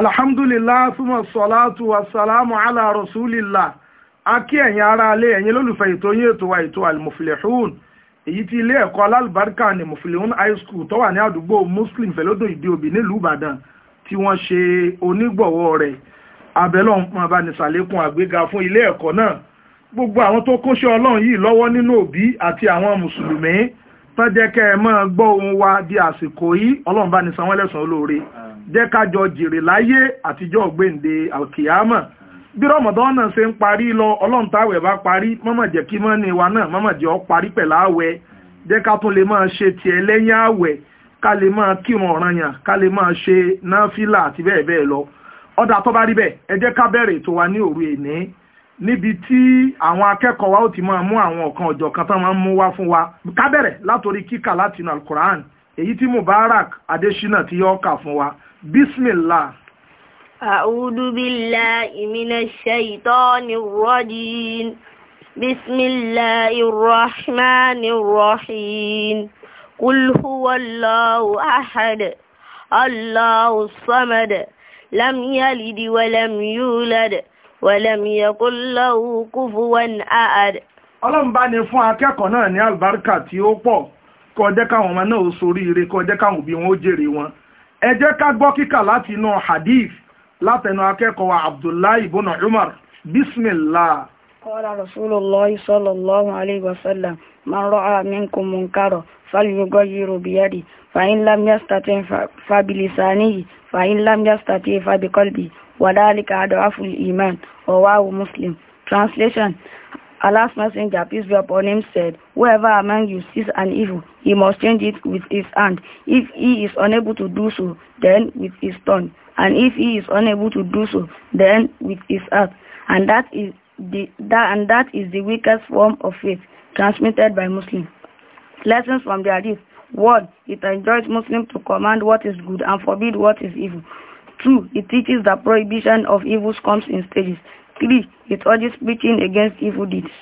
alhamdulillah súnmọ́ sọ́látù wasalamu ala rasulillah a kí ẹ̀yin ará alẹ́ ẹ̀yin lólùfẹ́ ètò yín ètò wa ètò almuflihun èyí tí ilé ẹ̀kọ́ alálùbáríkà ní muflihun high school tó wà ní àdúgbò muslim fẹ̀lódò ìdí òbí nílùú ìbàdàn tí wọ́n ṣe onígbọ̀wọ́ rẹ̀ abẹ́lọ́ máa bá ní sàlékún àgbéga fún ilé ẹ̀kọ́ náà gbogbo àwọn tó kóṣẹ́ ọlọ́run yìí lọ́wọ́ nínú òbí àti àwọn mùsùlùmí tó kẹ́ ẹ máa gbọ́ ohun wa di àsìkò yìí ọlọ́run bá ní san wọ́n lẹ́san olóore jẹ́ ká jọ jèrè láyé àtijọ́ ọ̀gbẹ́ǹde alkiyama bí rọmọdán náà ṣe ń parí lọ ọlọ́run táwẹ̀ bá parí mọ́mọ̀ jẹ́ kí wa náà mọ́mọ̀ jẹ́ ọ parí pẹ̀lú àwẹ̀ jẹ́ ká tún lè máa ṣe tiẹ̀ lẹ́yìn àwẹ̀ ká lè máa kírun ká lè máa ṣe náfìlà àti bẹ́ẹ̀ lọ ọ̀dà tó bá rí bẹ́ẹ̀ ẹ jẹ́ ká bẹ̀rẹ̀ ètò wa ní òru níbi tí àwọn kan tán máa ń mú wá wa ká bẹ̀rẹ̀ látòrí kíkà alukur'an èyí tí Mubarak ti yọ ọ́ kà wa bismillah. أعوذ بالله من الشيطان الرجيم بسم الله الرحمن الرحيم قل هو الله أحد الله الصمد لم يلد ولم يولد ولم يقل له كفوا أحد fún akẹ́kọ̀ọ́ náà ní àlùbáríkà tí ó pọ̀ kó káwọn ọmọ náà ó soríire kó káwọn òbí wọn ó jèrè wọn ẹ jẹ́ ká gbọ́ kíkà láti inú hadith látẹnu akẹ́kọ̀ọ́ wa abdullahi ibn umar bismillah. qala rasulullahi sallallahu alayhi wa sallam man ra'a minkum munkaro falyughayyirhu biyadihi fa'in lam yastati' fabilisanihi fa'in lam yastati' translation Allah's messenger, peace be upon him, said, Whoever among you sees an evil, he must change it with his hand. If he is unable to do so, then with his tongue. And if he is unable to do so, then with his heart. And that is the, that, and that is the weakest form of faith transmitted by Muslims. Lessons from the Hadith. 1. It enjoins Muslims to command what is good and forbid what is evil. 2. It teaches that prohibition of evils comes in stages. 3. It urges preaching against evil deeds.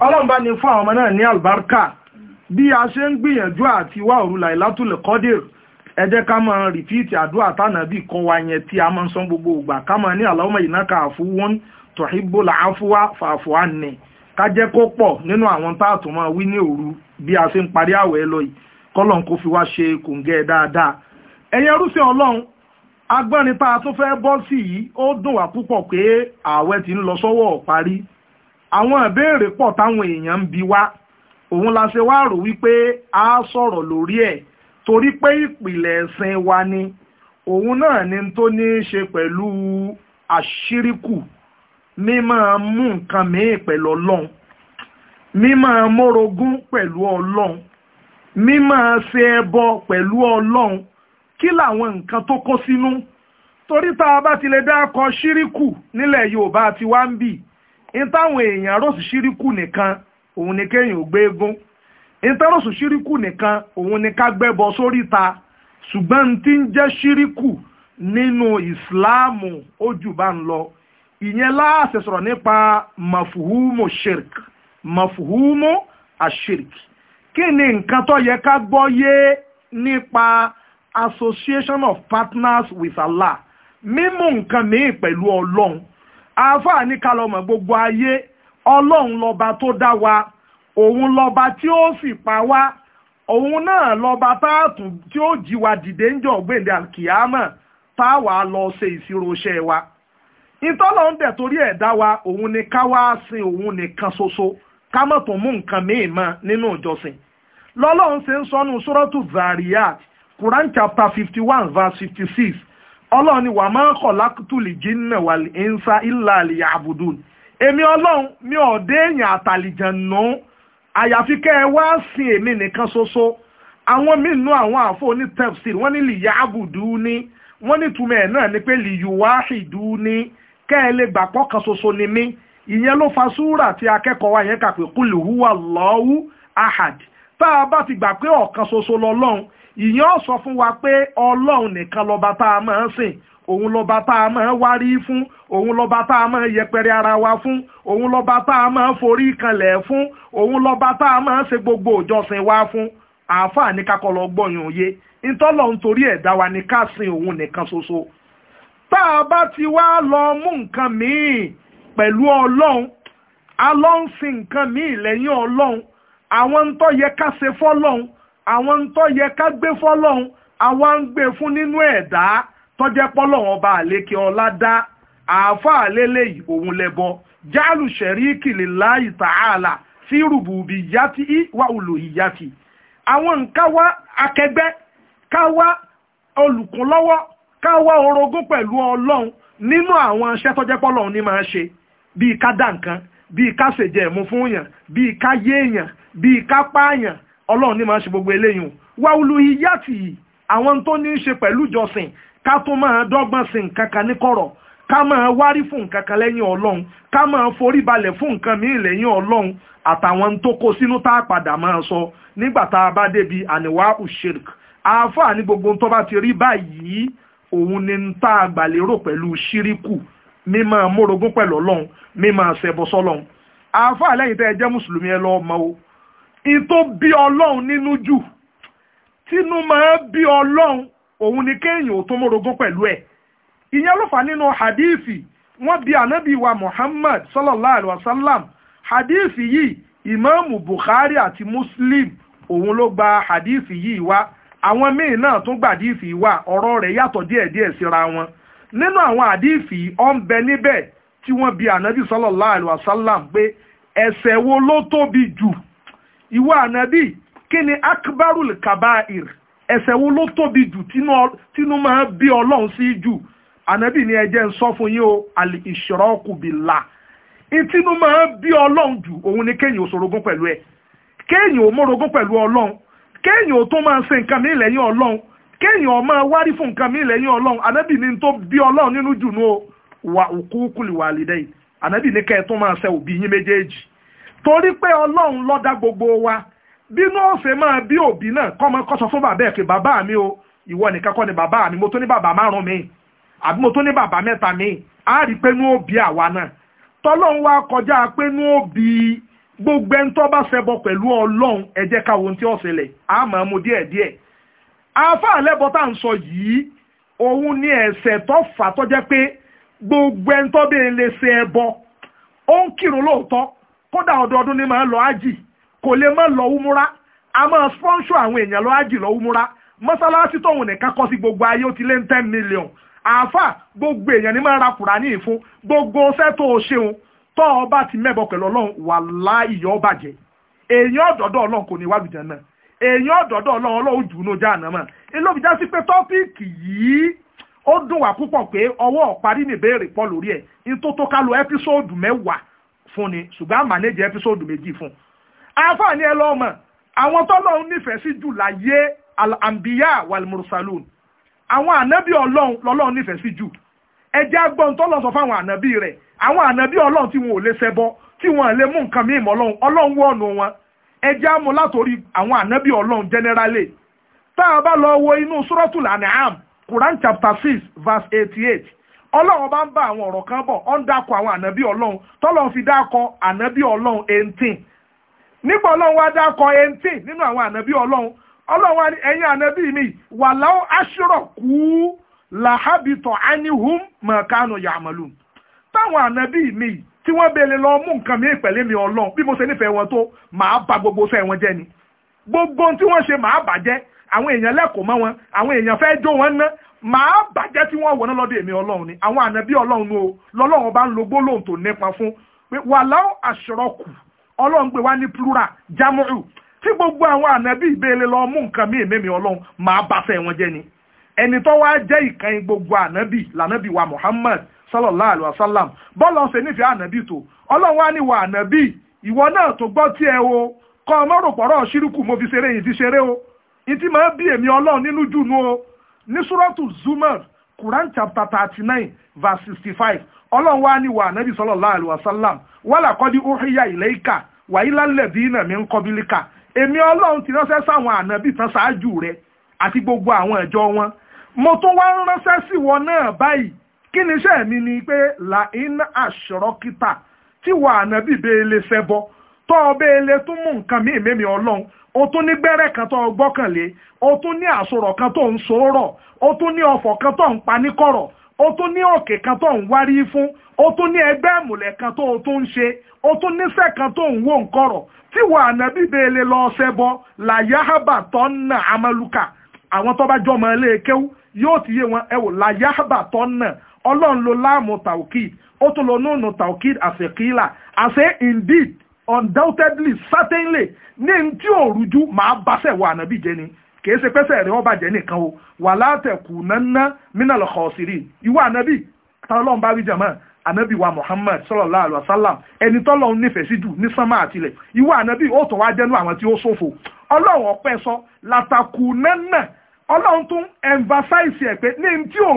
Ọlọ́run bá ní fún àwọn ọmọ náà ní àlùbáríkà bí a ṣe ń gbìyànjú àti wá òru Lailatul Qadr ẹ jẹ́ ká máa rìpíìtì àdúrà tánàbí kan wa yẹn tí a máa ń san gbogbo ìgbà ká máa ní Allahumma innaka afuwun tuhibbul afwa fa'fu anni ká jẹ́ kó pọ̀ nínú àwọn táàtù máa wí ní òru bí a ṣe ń parí àwẹ̀ lọ yìí kọ́lọ́n kó fi wá ṣe kòǹgẹ́ dáadáa ẹ̀yin Ọlọ́run agbọ́nrin tá a tún fẹ́ bọ́ sí yìí ó dùn wá púpọ̀ pé ààwẹ̀ ti ń lọ sọ́wọ́ parí àwọn ìbéèrè pọ̀ táwọn èèyàn ń bi wá òun la ṣe wá rò wípé a sọ̀rọ̀ lórí ẹ̀ torí pé ìpìlẹ̀ ẹ̀sìn wa ni òun náà ni tó ní í ṣe pẹ̀lú àṣíríkù mímọ́ mú nǹkan mìíràn pẹ̀lú ọlọ́run mímọ́ mórogún pẹ̀lú ọlọ́run mímọ́ ṣe ẹbọ pẹ̀lú ọlọ́run kí làwọn nǹkan tó kó sínú torí tá a bá ti lè dákọ ṣíríkù nílẹ̀ Yorùbá àti wá ń bì ní táwọn èèyàn rọ̀sù ṣíríkù nìkan òun ni kéèyàn ò gbé egun ní táwọn rọ̀sù ṣíríkù nìkan òun ni ká gbẹ́bọ sóríta ṣùgbọ́n ní ti ń jẹ́ ṣíríkù nínú ìsìláàmù ó jù bá ń lọ ìyẹn láàṣẹ sọ̀rọ̀ nípa mafuhumu shirk mafuhumu ashirk kí ni nǹkan tó yẹ ká gbọ́ yé nípa association of partners with Allah mímú nǹkan míì pẹ̀lú ọlọ́run àáfàá ní ká lọ́mọ gbogbo ayé ọlọ́run lọ́ba tó dá wa òun lọ́ba tí ó sì pa wá òun náà lọ́ba táàtù tí ó jí wa dìde ń jọ gbèǹde àkìyámọ̀ táwa lọ ṣe ìṣirò iṣẹ́ wa ìtọ́lọ̀ ń bẹ̀ torí ẹ̀ dá wa òun ni ká wá sin òun nìkan ṣoṣo ká mọ̀ tó mú nǹkan míì mọ́ nínú ìjọsìn lọ́lọ́run ṣe ń sọnù sọ́rọ́tù Zariyat Quran chapter fifty one verse fifty six ọlọ́run ni wàá máa ń kọ̀ lákùtùlì jìnnà wà ìnsa ìlà àlìyà àbùdùn èmi ọlọ́run mi ò dé èèyàn àtàlìjànù àyàfi kẹ́ ẹ wá sin èmi nìkan ṣoṣo àwọn míì nú àwọn àfọ oní tafsir wọ́n ní lìyà àbùdùn ni wọ́n ní túmọ̀ ẹ̀ náà ni pé lìyùwáhìdùn ni kẹ́ ẹ lè gbàpọ̀ kan ṣoṣo ni mí ìyẹn ló fa súrà tí akẹ́kọ̀ọ́ wa yẹn kà pé kúlù húwà lọ́wọ́ ahad tá a bá ti gbà pé ọ̀kan ṣoṣo lọ́lọ́run ìyẹn ó sọ fún wa pé ọlọ́run nìkan lọ́ba tá a máa ń sìn òun lọ́ba tá a máa wárí fún òun lọ́ba tá a máa yẹpẹrẹ ara wa fún òun lọ́ba tá a máa forí kanlẹ̀ fún òun lọ́ba tá a máa ṣe gbogbo òjọsìn wa fún àáfàá ní kakọ lọ gbọyàn òye ntọ́lọ̀ nítorí ẹ̀dá wa ní ká sin òun nìkan ṣoṣo tá a bá ti wá lọ mú nǹkan míì pẹ̀lú ọlọ́run a lọ ń sin nǹkan míì lẹ́yìn ọlọ́run àwọn ń tọ́ yẹ ká ṣe fọ́lọ́hún àwọn ń tọ́ yẹ ká gbé fọ́lọ́hún àwa ń gbé fún nínú ẹ̀dá tọ́jẹ́ pọ́lọ́hún ọba àlékè ọlá dá àáfàá lélẹ́yìí òun lẹ́bọ jáàlù ṣẹ̀ríkì lillahi ta'ala sí rùbùbì yàtì wà òlò ìyàtì àwọn nǹkan wá akẹgbẹ́ ká wá olùkúnlọ́wọ́ ká wá orogún pẹ̀lú ọlọ́run nínú àwọn aṣẹ́ tọ́jẹ́ pọ́lọ́hún ní máa ṣe bíi ká dá nǹkan bíi ká ṣèjẹ́ fún yàn bíi ká yé èèyàn bíi kápáàyàn ọlọ́run ní máa ṣe gbogbo eléyìí wáwúlú iyá tì í àwọn tó ní í ṣe pẹ̀lú ìjọsìn ká tó máa dọ́gbọ́n sí nǹkan kan ní kọ̀rọ̀ ká máa wárí fún nǹkan kan lẹ́yìn ọlọ́run ká máa forí balẹ̀ fún nǹkan míì lẹ́yìn ọlọ́run àtàwọn tó kó sínú tá a padà máa sọ nígbà tá a bá débi àníwá ushirk àáfàá ní gbogbo tó bá ti rí báyìí òun ni tá a gbàlérò pẹ̀lú ṣíríkù mímọ́ mórogún pẹ̀lú ọlọ́run mímọ́ ṣẹbọ sọ́lọ́run àáfàá lẹ́yìn tẹ́ ẹ jẹ́ mùsùlùmí ẹ lọ́ọ́ mọ́ o ìtò bí ọlọ́run nínú jù tínú máa bí ọlọ́run òun ni kéèyàn ò tó mórogún pẹ̀lú ẹ̀ ìyẹn ló fà nínú hadithi wọ́n bi ànábì wa muhammad sallallahu alayhi wa sallam hadithi yìí ìmáàmù bukhari àti muslim òun ló gba hadithi yìí wá àwọn míì náà tún gba hadithi wá ọ̀rọ̀ rẹ̀ yàtọ̀ díẹ̀díẹ̀ síra wọn nínú àwọn hadithi ó ń bẹ níbẹ̀ tí wọ́n bi ànábì sallallahu alayhi wa sallam pé ẹ̀ṣẹ̀ wo ló tóbi jù ìwọ ànábì kí ni akbarul kabair ẹ̀ṣẹ̀ wo ló tóbi jù tínú máa bí ọlọ́run sí jù ànábì ni ẹ jẹ́ ń sọ fún yín o àlè ìṣòrọ́kù billah ìtínú máa bí ọlọ́run jù òun ni kéèyàn ò ṣorogún pẹ̀lú ẹ̀ kéèyàn ò mórogún pẹ̀lú ọlọ́run kéèyàn ò tó máa ṣe nǹkan mí lẹ́yìn ọlọ́run kéèyàn ó máa wárí fún nǹkan mí lẹ́yìn ọlọ́run ànábì ni tó bí ọlọ́run nínú jù nù o wà òkú kùlìwà àlìdẹ́yìn ànábì ni kẹ́ẹ̀ tó máa ṣe òbí yín méjèèjì torí pé ọlọ́run ló dá gbogbo wa bínú ọ̀sẹ̀ máa bí òbí náà kọ́mọ kọ́sọ fún bàbá ẹ̀ pé bàbá mi o ìwọ nìkan kọ́ ni bàbá mi mo tó ní bàbá márùn mi àbí mo tó ní bàbá mẹ́ta mi á rí pé nú òbí àwa náà tọ́lọ́run wá kọjá pé nú òbí gbogbo ẹni tó bá ṣẹbọ pẹ̀lú ọlọ́run ẹ jẹ́ ká ohun tí ó ṣẹlẹ̀ á máa mu díẹ̀ díẹ̀ àáfàá lẹ́bọ tá à ń sọ yìí òun ni ẹ̀ṣẹ̀ tó fà tó jẹ́ pé gbogbo ẹni tó bẹ́ẹ̀ lè ṣe ẹbọ ó ń kírun lóòótọ́ kódà ọdọọdún ni máa lọ ájì kò lè má lọ úmúra a máa sponsor àwọn èèyàn lọ ájì lọ úmúra mọ́sálásí tóun nìkan kọ́ sí gbogbo ayé ó ti lé ní ten million àáfà gbogbo èèyàn ni máa ra kùránì ìfún gbogbo sẹ́tò ṣeun tọ́ ọba ti mẹ́bọ̀ pẹ̀lú ọlọ́run wàláhì ó bàjẹ́ èèyàn ọ̀dọ́dọ́ ọlọ́run kò ní wá lùjẹ́ náà èèyàn ọ̀dọ́dọ́ ọlọ́run ọlọ́run jù ú mọ́ já sí pé yìí ó dùn wá púpọ̀ fún ni ṣùgbọ́n àmàlẹ́jì ẹ́písòdù méjì fún àǹfààní ẹ lọ́mọ àwọn tọ́lọ́run nífẹ̀ẹ́ sí jù láyé al-anbiya wal-mursalun àwọn ànábì ọlọ́run lọ́lọ́run nífẹ̀ẹ́ sí jù ẹjẹ́ agbọ́n tọ́lọ́run sọ fáwọn ànábì rẹ̀ àwọn ànábì ọlọ́run tí wọn ò lè ṣẹbọ tí wọn lè mú nǹkan mímọ́ ọlọ́run ọlọ́run wọ̀nù generally tá a bá lọ wo inú Quran chapter six verse eighty-eight ọlọ́run bá ń bá àwọn ọ̀rọ̀ kan bọ̀ ọ́n dákọ̀ àwọn ànábì ọlọ́run tọ́lọ́run fi dákọ̀ ànábì ọlọ́run eighteen nígbà ọlọ́run wá dákọ̀ eighteen nínú àwọn ànábì ọlọ́run ọlọ́run wá ní ẹ̀yin ànábì mi wà láwọn aṣọ́rọ̀ kú làhábìtọ̀ ánihùn mọ̀kánù yàmọ̀lù táwọn ànábì mi tí wọ́n bèèrè lọ mú nǹkan mi ìpẹ̀lẹ́ mi ọlọ́run bí mo ṣe nífẹ̀ẹ́ wọn tó màá bà gbogbo fẹ́ wọn jẹ́ ni gbogbo tí wọ́n ṣe màá bàjẹ́ àwọn èèyàn lẹ́kọ̀ọ́ mọ́ wọn àwọn èèyàn fẹ́ jó wọn ná màá bàjẹ́ tí wọ́n wọ̀ná lọ́dọ̀ èmi ọlọ́run ni àwọn ànábí ọlọ́run o lọ́lọ́run bá ń lo gbólóhùn tó nípa fún pé wà láwọn àṣọrọ̀kù ọlọ́run pé wá ní plural jamu'u tí gbogbo àwọn ànábí ìbéèlè lọ mú nǹkan mí èmi ọlọ́run màá bá fẹ́ wọn jẹ́ ni ẹni tó wá jẹ́ ìkànnì gbogbo ànábì lànábì wa Muhammad sallallahu alayhi wa sallam bọ́ọ̀lù ọ̀sẹ̀ nífẹ̀ẹ́ ànábì tó ọlọ́run wá ní wà ànábì ìwọ náà tó gbọ́ tí ẹ o kọ́ ọmọ rò pọ̀rọ̀ ní súrọ́tù zumar quran chapter thirty nine verse sixty five ọlọ́run wá ní wa anabi sallallahu alaihi wasallam wàlà kọ́dí uhiya ilayka wàyílá ladina min qablika èmi ọlọ́run ti ránṣẹ́ sáwọn ànábì tán ṣáájú rẹ̀ àti gbogbo àwọn ìjọ wọn mo tún wá ń ránṣẹ́ sí wọn náà báyìí kí ni iṣẹ́ mi ni pé la in ashrokita tí wà ànábì bẹ́ẹ̀ lè ṣẹbọ tọ́ ọ bẹ́ẹ̀ lè tún mú nǹkan mí ọlọ́run o tún ní gbẹ́rẹ́ kan tó gbọ́kànlé o tún ní àsorọ̀ kan tó ń sọ̀rọ̀ o tún ní ọfọ̀ kan tó ń paníkọ̀rọ̀ o tún ní òkè kan tó ń wárí fún o tún ní ẹgbẹ́ ìmùlẹ̀ kan tó o tún ń ṣe o tún níṣẹ́ kan tó ń wò ń kọ̀rọ̀ tí wọ́n ànábì bèèlè lọ ṣẹbọ làyàhábà tó ń nà amálùkà àwọn tó bá jọmọ ilé kéwú yóò ti yé wọn ẹ wò làyàhábà tó ń nà ọlọ́run ló láàmú tàwùkì ó tún lọ núùnù tàwùkì àṣekìlà àṣe indeed undoubtedly certainly ní n tí ò rújú màá báṣẹ̀ wà ànábì jẹ́ ni kìí ṣe pẹ́sẹ̀ rẹ̀ ọba jẹ́ nìkan o wà látẹ̀kù nánà mínàlọ́ kọ̀ọ̀sìrì ìwọ ànábì tọ́lọ́n bá wí jàmọ́ ànábì wa Muhammad sallallahu alaihi wasallam ẹni tọ́lọ́n nífẹ̀ẹ́ sí jù ní sánmà àtìlẹ̀ ìwọ ànábì ó tọ̀ wá jẹ́nu àwọn tí ó ṣòfò ọlọ́run ọpẹ́ sọ látàkù nánà ọlọ́run tún emphasize ẹ̀ pé ní n tí ò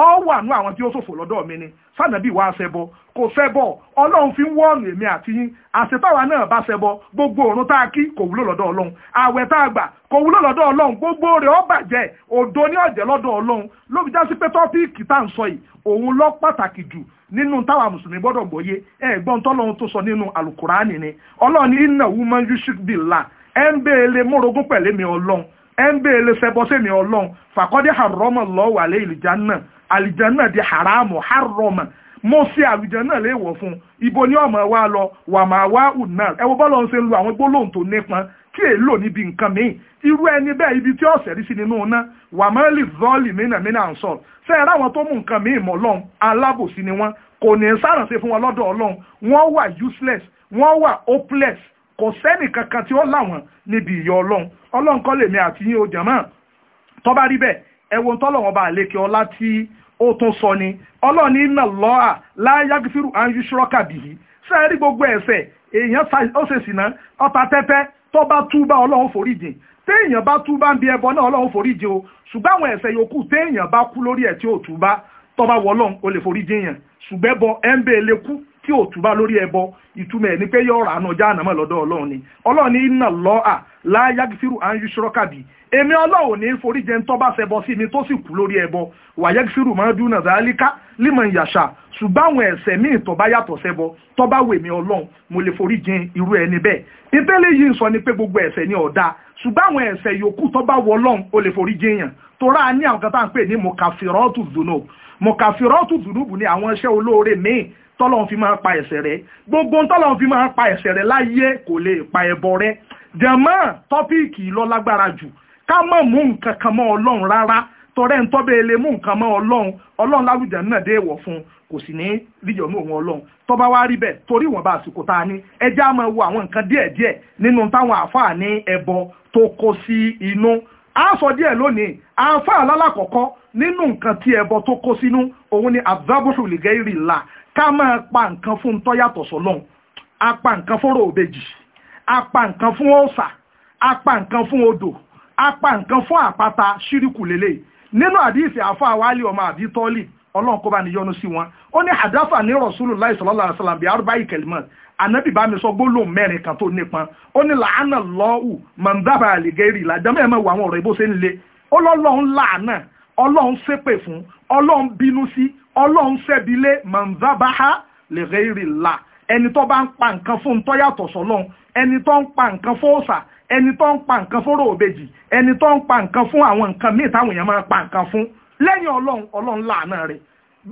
ọ wà nú àwọn tí ó ṣòfò lọ́dọ̀ mi ni sànàbí wa ṣẹbọ kò ṣẹbọ ọlọ́run fi ń wọ́ọ̀nù èmi àti yín àṣetáwa náà bá ṣẹbọ gbogbo òrun tá a kí kò wúlò lọ́dọ̀ ọlọ́run àwẹ̀ tá a gbà kò wúlò lọ́dọ̀ ọlọ́run gbogbo rẹ̀ ó bàjẹ́ òdo ní ọ̀jẹ̀ lọ́dọ̀ ọlọ́run ló fi já sí pé tọ́píìkì tá à ń sọ yìí òun lọ pàtàkì jù nínú táwa mùsùlùmí gbọ́dọ̀ gbọ́yé ẹ̀gbọ́n tọ́lọ́run tó sọ nínú alukurani ni ọlọ́run ní inna woman you should be la. béèrè mórogún pẹ̀lẹ́mi ọlọ́run ẹ̀ ń béèrè ṣẹbọ sẹ́mi ọlọ́run fàkọ́dé àrọ́mọ̀ lọ́wọ́ àlẹ́ ìlìjà náà àlìjánà di haramu haroma mo ṣe àlìjánà léèwọ̀ fún ibo ni ọmọ wa lọ wà máa wá ùnà ẹ wo bọ́lọ̀ ń ṣe lu àwọn gbólóhùn tó nípọn kí èlò níbi nǹkan míì ibi tí ọ̀sẹ̀ rí sí nínú iná wà máa lè zọ́ọ̀lì mínà mínà ń ṣe é ráwọn tó ni wọ́n kò ní wọn lọ́dọ̀ ọlọ́run wọ́n wà useless wọ́n ẹ̀wọ̀n tọ́lọ̀wọ̀n bá àlékè ọlá tí ó tún sọ ni ọlọ́ọ̀ni iná lọ́à láyàgífìrù àyùṣọ́kà bìí sẹ́ẹ̀rí gbogbo ẹ̀ṣẹ̀ èèyàn ó ṣe sìnà ọta tẹ́tẹ́ tó bá túbá ọlọ́run foríjìn téèyàn bá túbá ń bi ẹbọ náà ọlọ́run foríjìn o ṣùgbọ́n àwọn ẹ̀ṣẹ̀ yòókù téèyàn bá kú lórí ẹ̀ tí ò túbá tó bá ó lè foríjìn yẹn ṣùgbẹ́bọ ẹ̀ ń bẹ́ẹ̀ lè tí ò túbá lórí ẹbọ ìtumọ̀ ẹ̀ ni pé yọ̀ọ̀rọ̀ àánú ọjà ànámọ̀ lọ́dọ̀ ọlọ́run ni ọlọ́run ní iná lọ́ à láyà gífìrù à ń yí ṣọ́rọ́ kàbí èmi ọlọ́run ní forí jẹun tó ṣẹbọ sí mi tó sì kú lórí ẹbọ wàyà gífìrù máa dún náà dáálíká límọ̀ ìyàṣà ṣùgbọ́n àwọn ẹ̀ṣẹ̀ míì bá yàtọ̀ ṣẹbọ tó bá wè ọlọ́run mo lè forí jin irú ẹni bẹ́ẹ̀ ìtẹ́lẹ̀ yìí ń sọ ni pé gbogbo ẹ̀ṣẹ̀ ni ọ̀dà ṣùgbọ́n àwọn ẹ̀ṣẹ̀ yòókù tó bá wọ ọlọ́run ó lè forí jiyàn torá ní àwọn kan tá à ń pè ní mọ̀kàfìrọ́tù dùnú mọ̀kàfìrọ́tù dùnú bù ní àwọn iṣẹ́ olóore míì tọ́lọ́run fi máa pa ẹ̀ṣẹ̀ rẹ̀ gbogbo tọ́lọ́run fi máa pa ẹ̀ṣẹ̀ rẹ̀ láyé kò lè pa ẹbọ rẹ̀ jẹ̀mọ́ tọ́píìkì lọ lágbára jù ká má mú nǹkan kan mọ́ ọlọ́run rárá tọrẹ́ ń tọ́bẹ̀ lè mú nǹkan mọ́ ọlọ́run ọlọ́run láwùjọ náà dé ìwọ̀ fún un kò sì ní ríjọ mú òun ọlọ́run tó bá wá rí bẹ́ẹ̀ torí ìwọ̀nba àsìkò tá a ní ẹjẹ́ á máa wo àwọn nǹkan díẹ̀ díẹ̀ nínú táwọn àáfàá ní ẹbọ tó kó sí inú a sọ díẹ̀ lónìí àáfàá lálàkọ̀kọ́ nínú nǹkan tí ẹbọ tó kó sínú òun ni azabuhu ligayri la ká máa pa nǹkan fún tó yàtọ̀ sọ́lọ́n a pa nǹkan fún ròbejì a pa nǹkan fún ọ̀sà a pa nǹkan fún odò a pa nǹkan fún àpáta ṣíríkù lélẹ̀ nínú àdìsí àfa wálé ọmọ àbí tọ́lì ọlọ́run kó bá ní yọ́nú sí wọn ó ní àdáfà ní Rasulullahi sallallahu alaihi wasallam bíi arúgbá ìkẹlẹ́mọ̀ ànábì bá mi sọ gbólóhùn mẹ́rin kan tó nípọn ó ní làánà lọ́ọ̀ù mọ̀ndábà àlìgẹ́rì làjọ́mọ́ ẹ̀mẹ́wò àwọn ọ̀rọ̀ ìbó ṣe ń le ó lọ́lọ́run ọlọ́run ṣépè fún ọlọ́run bínú sí ọlọ́run ṣẹ́bilé manzabaha lè rẹ́rì la ẹni tó bá ń pa nǹkan fún tó yàtọ̀ sọ́lọ́run ẹni tó ń pa nǹkan fún òòṣà ẹni tó ń pa nǹkan fún ròbejì ẹni tó ń pa nǹkan fún àwọn nǹkan míì táwọn èèyàn máa pa nǹkan fún lẹ́yìn ọlọ́run ọlọ́run láàánà rẹ̀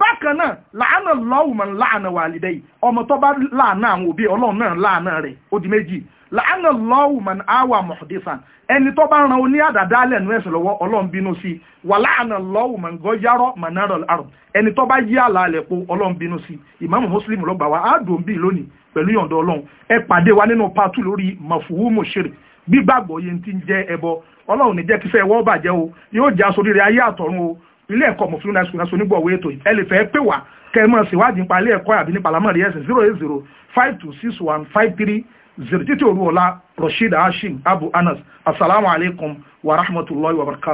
bákan náà láàánà lọ́wùmọ̀ láàánà wàlídẹ́yì ọmọ tó bá láàánà àwọn òbí ọlọ́run náà láàánà rẹ̀ ó di méjì láàánà lọ́wù man awa muhdithan ẹni tó bá ran oní àdàdá lẹ́nu ẹ̀sìn lọ́wọ́ ọlọ́run bínú sí wà láàánà lọ́wù man gọ́yárọ́ manarol arm ẹni tó bá yí àlà alẹ́ po ọlọ́run bínú sí ìmáàmù muslim ló gbà wá àádùn bíi lónìí pẹ̀lú yọ̀ǹda ọlọ́run ẹ pàdé wa nínú pàtó lórí mọ̀fùwúmù ṣírí gbígbàgbọ́ yẹn ti ń jẹ́ ẹbọ ọlọ́run ní jẹ́ kífẹ́ ẹwọ́ bàjẹ́ o yóò jẹ́ aṣoríire ayé àtọ̀run o ilé ẹ̀kọ́ mọ̀fúnú náà sùn aṣọ onígbọ̀wé ètò ẹ lè fẹ́ pè wá kẹ́ ẹ mọ̀ síwádìí nípa ilé ẹ̀kọ́ àbí nípa lámọ̀rí ẹ̀sìn zero eight zero five two six one five three zirjiti òru ọ̀la rashid hashim abu anas assalamu alaikum wa rahmatulahi wa barakatu.